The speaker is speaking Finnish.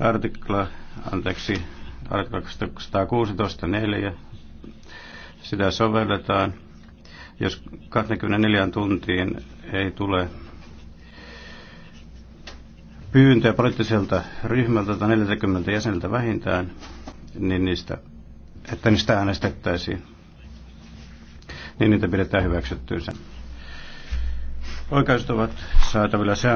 Artikla, anteeksi, artikla 216.4, sitä sovelletaan, jos 24 tuntiin ei tule pyyntöä poliittiselta ryhmältä tai 40 jäseneltä vähintään, niin niistä, että niistä äänestettäisiin, niin niitä pidetään hyväksyttyisen. Oikeudet ovat saatavilla sään